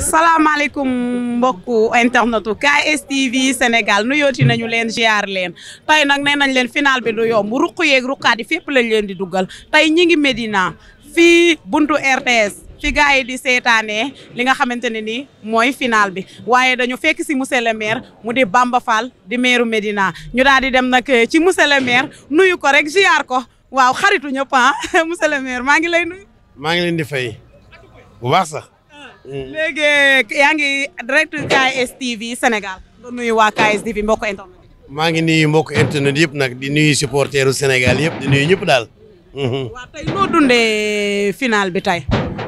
salaamaaleykum mbokku internetu KSTV Sénégal nuyooti nañu leen ziar leen tey nag nee nañ leen final bi du yomb ruq yeeg ruqaat di fépp lañ leen di dugal tey ñi ngi Médina fii buntu RTS. fi gars yi di seetaanee li nga xamante ne nii mooy final bi waaye dañu fekk si monsieur le maire mu di Bamba Fall di maire Médina ñu daal di dem nag eh, ci monsieur le maire nuyu ko rek ziar ko waaw xaritu ñëpp ah monsieur maa ngi lay nuyu. maa ngi leen di fay bu baax sax. léegi yaa ngi direct KS TV Sénégal nga nuyu waa KS TV mbokk internet. maa ngi nuyu mbokk internet yëpp nag di nuyu supporteru Sénégal yëpp di nuyu ñëpp daal. Mhm. waaw tey noo dundee final bi tey.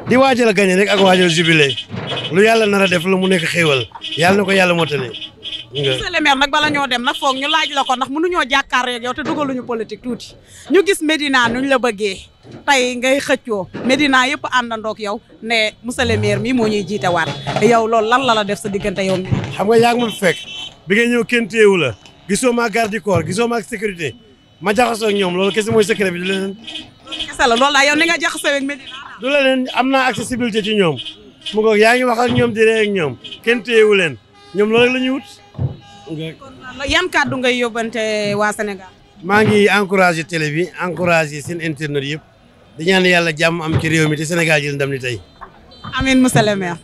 di waajal a gañe rek ak waajal jubilé lu yàlla nar def lu mu nekk xéewal yàlla na ko yàlla moo tane monsieur le maire nag dem na foog ñu laaj la ko ndax mënuñoo jàkkaarloo ak yow te dugaluñu politique tuuti ñu gis Medina ñu la bëggee tey ngay xëccoo Medina yëpp àndandoo ak yow ne monsieur le maire mii moo ñuy jiite waat yow loolu lan la la def sa diggante yow mi xam nga yaa ngi ma fekk bi ngay ñëw kenn téyewu la ma garde du corps gisoo ma sécurité ma jaxasoo ak ñoom loolu kese mooy secret bi du leneen kese la loolu daal yow ni nga jaxasoo ak Medina du leneen am naa accessibilité ci ñoom mu ngoog yaa ngi wax ak ñoom di ree ak leen ñoom loolu rek la yan kàddu ngay yóbbante waa Sénégal. maa ngi encouragé télé bi encouragé seen internet yëpp di ñaan yàlla jàmm am ci réew mi te Sénégal jël ndam li tey. amiin monsieur le maire.